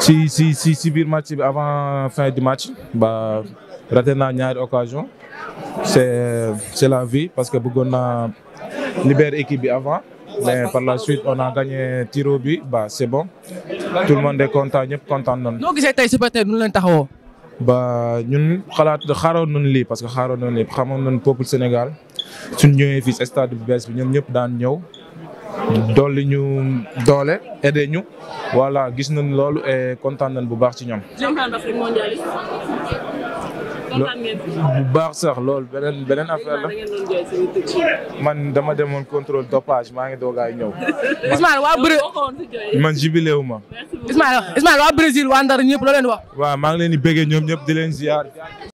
si si si si biir match bi avant fin du match ba raté naa ñaari occasion c'est c'est la vie parce que bëggoon naa libérer équipe bi avant mais par la suite on a gagné tiro bi ba c'est bon tout le monde est content ñëpp content nañu. noo gisee tey supporter nu leen taxawoo. ba ñun xalaat xaaroon nañu lii parce que xaro nañu lii xamoon nañu peuple Sénégal suñ ñëwee fii stade bu bees bi ñoom ñëpp daan ñëw. dolli ñu doole aidé ñu voilà gis na loolu et kontaan bu baax ci ñoom. bu baax sax lool beneen beneen affaire la man dama demoon contrôle dopage maa ngi doogaay ñëw. Ismaël waa Brésil man jubilé wu ma. Ismaël Ismaël waa Brésil waa Ndar ñëpp loo leen wax. waa maa ngi leen di bëggee ñoom ñëpp di leen ziar.